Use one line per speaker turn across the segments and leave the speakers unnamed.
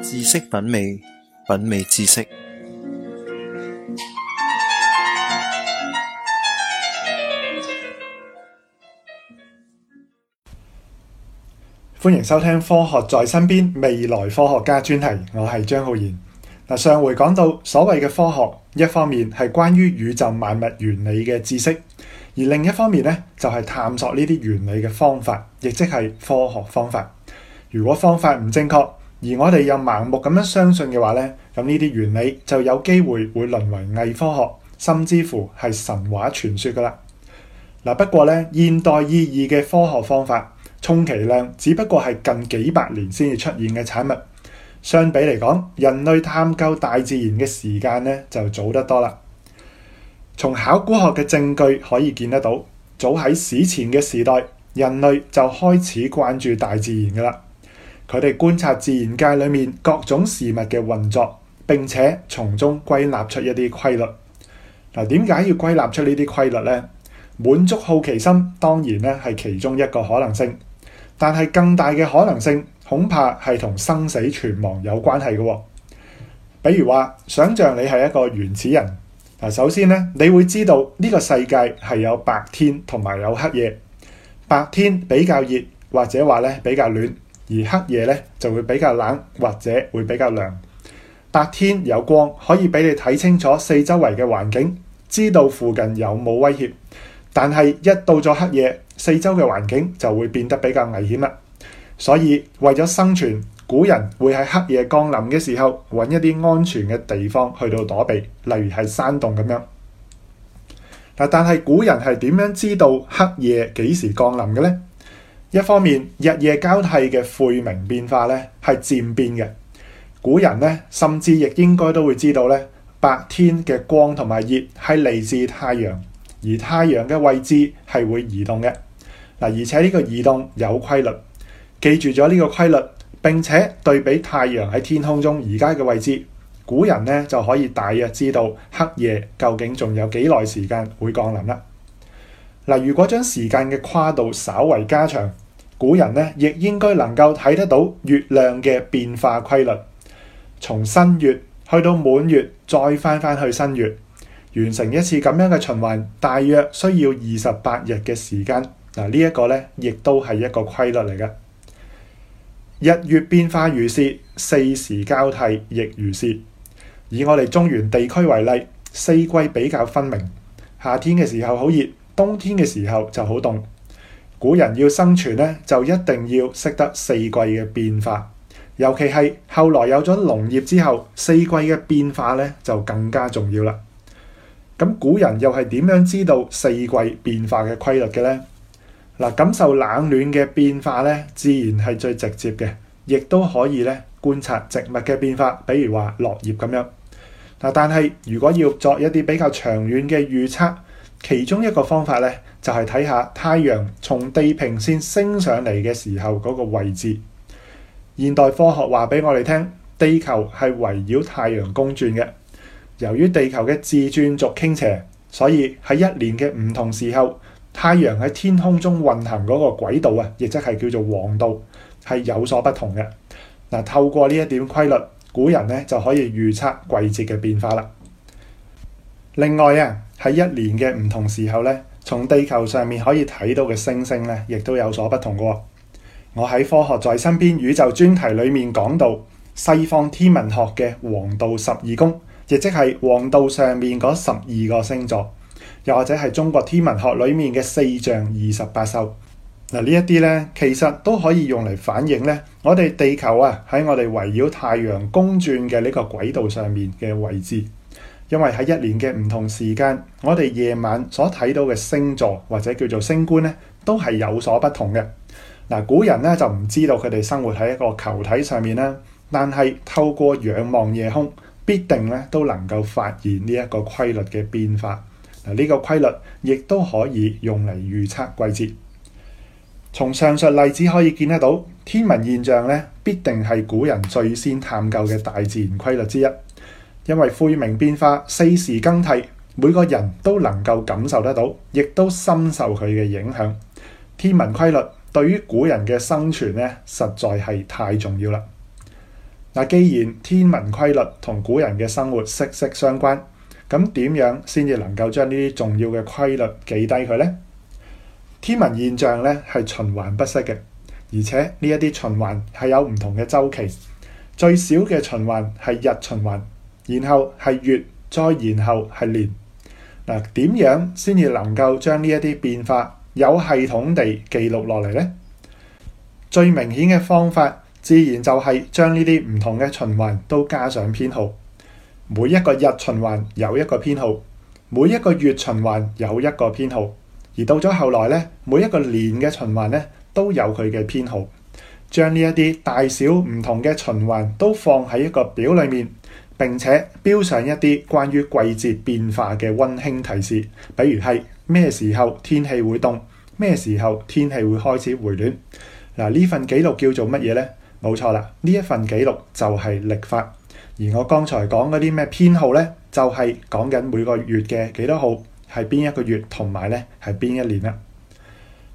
知識品味，品味知識。歡迎收聽《科學在身邊》未來科學家專題，我係張浩然。嗱，上回講到所謂嘅科學，一方面係關於宇宙萬物原理嘅知識，而另一方面呢，就係探索呢啲原理嘅方法，亦即係科學方法。如果方法唔正確，而我哋又盲目咁樣相信嘅話咧，咁呢啲原理就有機會會淪為偽科學，甚至乎係神話傳說噶啦嗱。不過咧，現代意義嘅科學方法，充其量只不過係近幾百年先至出現嘅產物。相比嚟講，人類探究大自然嘅時間咧就早得多啦。從考古學嘅證據可以見得到，早喺史前嘅時代，人類就開始關注大自然噶啦。佢哋觀察自然界裏面各種事物嘅運作，並且從中歸納出一啲規律。嗱，點解要歸納出呢啲規律呢？滿足好奇心當然咧係其中一個可能性，但係更大嘅可能性恐怕係同生死存亡有關係嘅。比如話，想象你係一個原始人嗱，首先咧你會知道呢個世界係有白天同埋有黑夜，白天比較熱或者話咧比較暖。而黑夜咧就會比較冷，或者會比較涼。白天有光，可以俾你睇清楚四周圍嘅環境，知道附近有冇威脅。但係一到咗黑夜，四周嘅環境就會變得比較危險啦。所以為咗生存，古人會喺黑夜降臨嘅時候搵一啲安全嘅地方去到躲避，例如係山洞咁樣。但但係古人係點樣知道黑夜幾時降臨嘅呢？一方面日夜交替嘅晦明變化咧，係漸變嘅。古人咧，甚至亦應該都會知道咧，白天嘅光同埋熱係嚟自太陽，而太陽嘅位置係會移動嘅嗱。而且呢個移動有規律，記住咗呢個規律並且對比太陽喺天空中而家嘅位置，古人咧就可以大約知道黑夜究竟仲有幾耐時間會降臨啦嗱。如果將時間嘅跨度稍為加長。古人咧，亦應該能夠睇得到月亮嘅變化規律，從新月去到滿月，再翻返去新月，完成一次咁樣嘅循環，大約需要二十八日嘅時間。嗱，呢一個咧，亦都係一個規律嚟嘅。日月變化如是，四時交替亦如是。以我哋中原地區為例，四季比較分明，夏天嘅時候好熱，冬天嘅時候就好凍。古人要生存咧，就一定要識得四季嘅變化，尤其係後來有咗農業之後，四季嘅變化咧就更加重要啦。咁古人又係點樣知道四季變化嘅規律嘅呢？嗱，感受冷暖嘅變化咧，自然係最直接嘅，亦都可以咧觀察植物嘅變化，比如話落葉咁樣。嗱，但係如果要作一啲比較長遠嘅預測，其中一個方法咧。就係睇下太陽從地平線升上嚟嘅時候嗰個位置。現代科學話俾我哋聽，地球係圍繞太陽公轉嘅。由於地球嘅自轉軸傾斜，所以喺一年嘅唔同時候，太陽喺天空中運行嗰個軌道啊，亦即係叫做黃道，係有所不同嘅。嗱，透過呢一點規律，古人咧就可以預測季節嘅變化啦。另外啊，喺一年嘅唔同時候咧。從地球上面可以睇到嘅星星咧，亦都有所不同嘅。哦，我喺《科學在身邊》宇宙專題裏面講到西方天文學嘅黃道十二宮，亦即係黃道上面嗰十二個星座，又或者係中國天文學裏面嘅四象二十八宿。嗱，呢一啲咧，其實都可以用嚟反映咧我哋地球啊喺我哋圍繞太陽公轉嘅呢個軌道上面嘅位置。因為喺一年嘅唔同時間，我哋夜晚所睇到嘅星座或者叫做星官咧，都係有所不同嘅。嗱，古人咧就唔知道佢哋生活喺一個球體上面啦，但係透過仰望夜空，必定咧都能夠發現呢一個規律嘅變化。嗱，呢個規律亦都可以用嚟預測季節。從上述例子可以見得到，天文現象咧必定係古人最先探究嘅大自然規律之一。因為晦明變化、四時更替，每個人都能夠感受得到，亦都深受佢嘅影響。天文規律對於古人嘅生存咧，實在係太重要啦。嗱，既然天文規律同古人嘅生活息息相關，咁點樣先至能夠將呢啲重要嘅規律記低佢咧？天文現象咧係循環不息嘅，而且呢一啲循環係有唔同嘅週期，最小嘅循環係日循環。然後係月，再然後係年。嗱，點樣先至能夠將呢一啲變化有系統地記錄落嚟呢？最明顯嘅方法自然就係將呢啲唔同嘅循環都加上編號。每一個日循環有一個編號，每一個月循環有一個編號，而到咗後來咧，每一個年嘅循環咧都有佢嘅編號。將呢一啲大小唔同嘅循環都放喺一個表裡面。並且標上一啲關於季節變化嘅溫馨提示，比如係咩時候天氣會凍，咩時候天氣會開始回暖。嗱、啊，呢份記錄叫做乜嘢呢？冇錯啦，呢一份記錄就係曆法。而我剛才講嗰啲咩編號呢？就係、是、講緊每個月嘅幾多號，係邊一個月同埋呢係邊一年啦。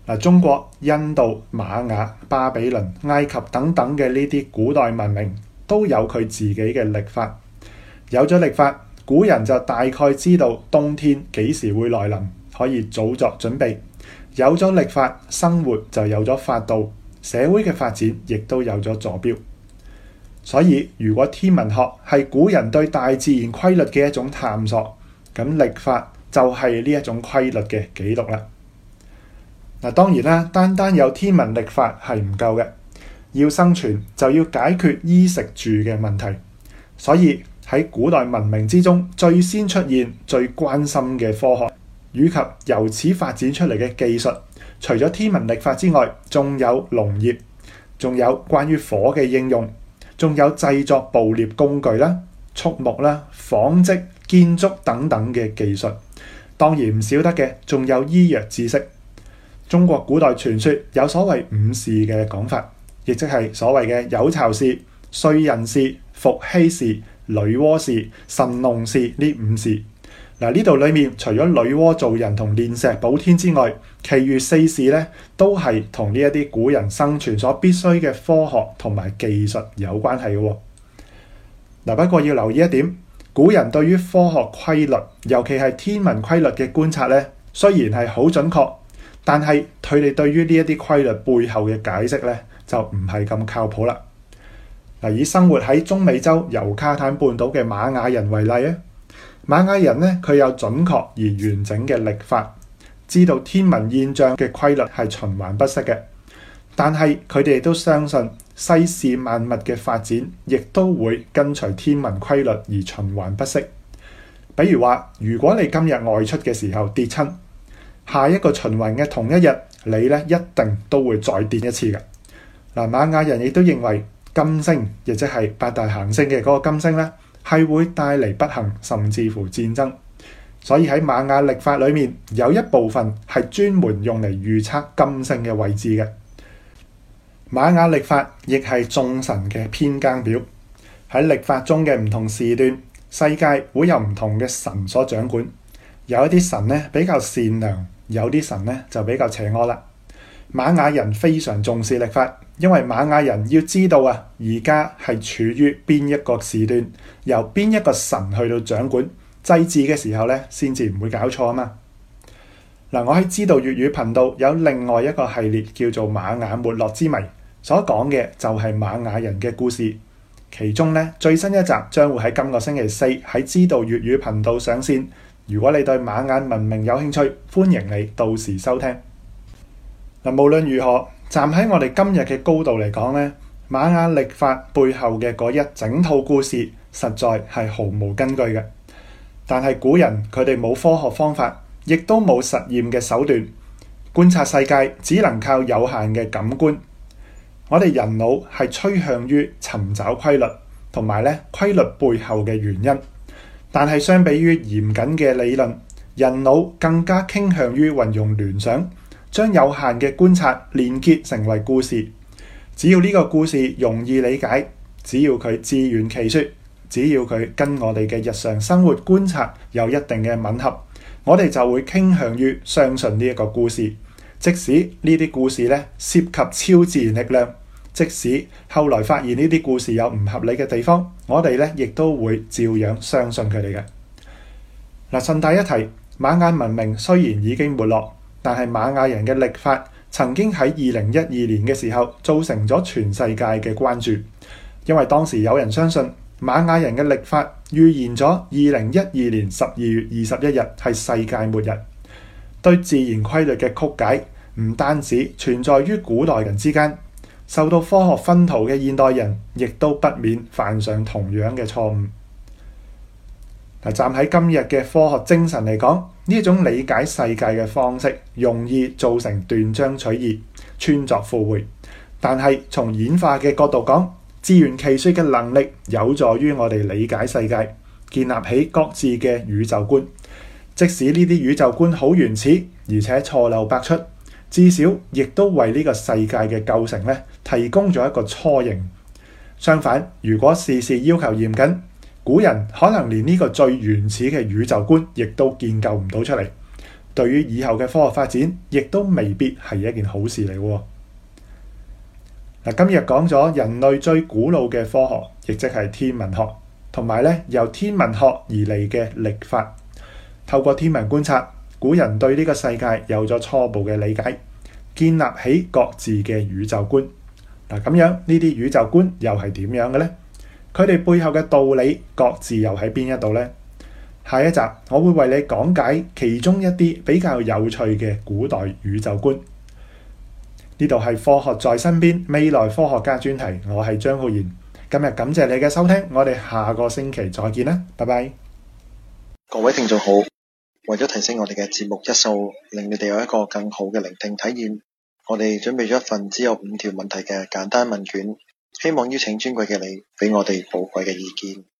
嗱、啊，中國、印度、瑪雅、巴比倫、埃及等等嘅呢啲古代文明都有佢自己嘅曆法。有咗曆法，古人就大概知道冬天幾時會來臨，可以早作準備。有咗曆法，生活就有咗法度，社會嘅發展亦都有咗坐標。所以，如果天文學係古人對大自然規律嘅一種探索，咁曆法就係呢一種規律嘅記錄啦。嗱，當然啦，單單有天文曆法係唔夠嘅，要生存就要解決衣食住嘅問題，所以，喺古代文明之中，最先出現最關心嘅科學，以及由此發展出嚟嘅技術。除咗天文歷法之外，仲有農業，仲有關於火嘅應用，仲有製作捕獵工具啦、畜牧啦、紡織、建築等等嘅技術。當然唔少得嘅，仲有醫藥知識。中國古代傳說有所謂五氏嘅講法，亦即係所謂嘅有巢氏、燧人氏、伏羲氏。女媧氏、神農氏呢五氏，嗱，呢度裏面除咗女媧造人同煉石補天之外，其餘四氏咧都係同呢一啲古人生存所必須嘅科學同埋技術有關係嘅。嗱，不過要留意一點，古人對於科學規律，尤其係天文規律嘅觀察咧，雖然係好準確，但係佢哋對於呢一啲規律背後嘅解釋咧，就唔係咁靠譜啦。嗱，以生活喺中美洲尤卡坦半島嘅瑪雅人為例啊，瑪雅人咧，佢有準確而完整嘅曆法，知道天文現象嘅規律係循環不息嘅。但係佢哋都相信世事萬物嘅發展，亦都會跟隨天文規律而循環不息。比如話，如果你今日外出嘅時候跌親，下一個循環嘅同一日，你咧一定都會再跌一次嘅。嗱，瑪雅人亦都認為金星，亦即係八大行星嘅嗰個金星咧，係會帶嚟不幸，甚至乎戰爭。所以喺瑪雅曆法裏面，有一部分係專門用嚟預測金星嘅位置嘅。瑪雅曆法亦係眾神嘅編更表。喺曆法中嘅唔同時段，世界會有唔同嘅神所掌管。有一啲神咧，比較善良，有啲神咧就比較邪惡啦。瑪雅人非常重視曆法。因為瑪雅人要知道啊，而家係處於邊一個時段，由邊一個神去到掌管祭祀嘅時候咧，先至唔會搞錯啊嘛。嗱，我喺知道粵語頻道有另外一個系列，叫做《瑪雅沒落之謎》，所講嘅就係瑪雅人嘅故事。其中咧，最新一集將會喺今個星期四喺知道粵語頻道上線。如果你對瑪雅文明有興趣，歡迎你到時收聽。嗱，無論如何。站喺我哋今日嘅高度嚟講咧，瑪雅歷法背後嘅嗰一整套故事，實在係毫無根據嘅。但係古人佢哋冇科學方法，亦都冇實驗嘅手段觀察世界，只能靠有限嘅感官。我哋人腦係趨向於尋找規律，同埋咧規律背後嘅原因。但係相比於嚴謹嘅理論，人腦更加傾向於運用聯想。將有限嘅觀察連結成為故事，只要呢個故事容易理解，只要佢自圓其說，只要佢跟我哋嘅日常生活觀察有一定嘅吻合，我哋就會傾向於相信呢一個故事。即使呢啲故事呢涉及超自然力量，即使後來發現呢啲故事有唔合理嘅地方，我哋呢亦都會照樣相信佢哋嘅。嗱，順帶一提，瑪雅文明雖然已經沒落。但係瑪雅人嘅曆法曾經喺二零一二年嘅時候造成咗全世界嘅關注，因為當時有人相信瑪雅人嘅曆法預言咗二零一二年十二月二十一日係世界末日。對自然規律嘅曲解唔單止存在於古代人之間，受到科學熏陶嘅現代人亦都不免犯上同樣嘅錯誤。嗱，站喺今日嘅科學精神嚟講，呢種理解世界嘅方式容易造成斷章取義、穿鑿附會。但係從演化嘅角度講，自圓其説嘅能力有助於我哋理解世界，建立起各自嘅宇宙觀。即使呢啲宇宙觀好原始，而且錯漏百出，至少亦都為呢個世界嘅構成咧提供咗一個雛形。相反，如果事事要求嚴謹，古人可能連呢個最原始嘅宇宙觀亦都建構唔到出嚟，對於以後嘅科學發展，亦都未必係一件好事嚟。嗱，今日講咗人類最古老嘅科學，亦即係天文學，同埋咧由天文學而嚟嘅曆法。透過天文觀察，古人對呢個世界有咗初步嘅理解，建立起各自嘅宇宙觀。嗱，咁樣呢啲宇宙觀又係點樣嘅呢？佢哋背後嘅道理各自又喺邊一度呢？下一集我會為你講解其中一啲比較有趣嘅古代宇宙觀。呢度係科學在身邊未來科學家專題，我係張浩然。今日感謝你嘅收聽，我哋下個星期再見啦，拜拜！各位聽眾好，為咗提升我哋嘅節目質素，令你哋有一個更好嘅聆聽體驗，我哋準備咗一份只有五條問題嘅簡單問卷。希望邀請尊貴嘅你，俾我哋寶貴嘅意見。